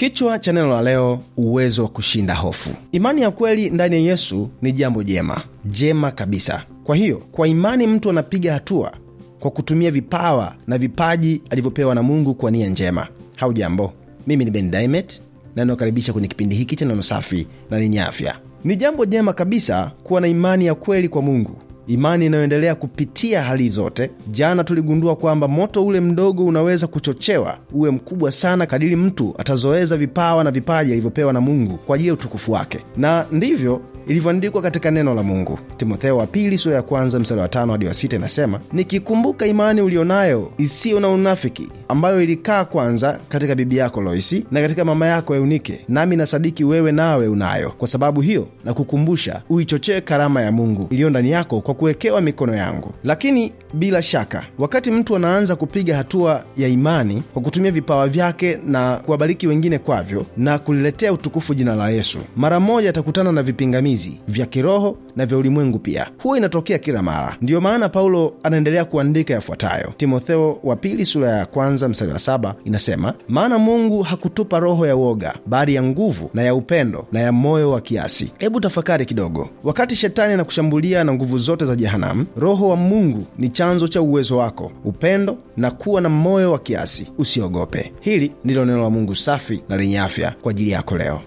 Kichwa cha neno la leo, uwezo wa kushinda hofu. Imani ya kweli ndani ya Yesu ni jambo jema, jema kabisa. Kwa hiyo, kwa imani mtu anapiga hatua kwa kutumia vipawa na vipaji alivyopewa na Mungu kwa nia njema. hau jambo mimi ni Ben Diamond na ninawakaribisha kwenye kipindi hiki cha neno safi na lenye afya. Ni jambo jema kabisa kuwa na imani ya kweli kwa Mungu imani inayoendelea kupitia hali zote. Jana tuligundua kwamba moto ule mdogo unaweza kuchochewa uwe mkubwa sana kadiri mtu atazoeza vipawa na vipaji alivyopewa na Mungu kwa ajili ya utukufu wake, na ndivyo ilivyoandikwa katika neno la Mungu. Timotheo wa pili sura ya kwanza mstari wa tano hadi wa sita inasema, nikikumbuka imani ulionayo isiyo na unafiki, ambayo ilikaa kwanza katika bibi yako Loisi na katika mama yako Eunike, nami nasadiki wewe nawe unayo. Kwa sababu hiyo nakukumbusha uichochee karama ya Mungu iliyo ndani yako kwa kuwekewa mikono yangu. Lakini bila shaka, wakati mtu anaanza kupiga hatua ya imani kwa kutumia vipawa vyake na kuwabariki wengine kwavyo na kuliletea utukufu jina la Yesu, mara moja atakutana na vipingamizi vya kiroho na vya ulimwengu pia. Huwa inatokea kila mara. Ndiyo maana Paulo anaendelea kuandika yafuatayo. Timotheo wa pili sura ya kwanza mstari wa saba inasema, maana Mungu hakutupa roho ya woga, bali ya nguvu na ya upendo na ya moyo wa kiasi. Hebu tafakari kidogo, wakati shetani anakushambulia na nguvu zote zote za jehanamu, Roho wa Mungu ni chanzo cha uwezo wako, upendo na kuwa na moyo wa kiasi. Usiogope. Hili ndilo neno la Mungu safi na lenye afya kwa ajili yako leo.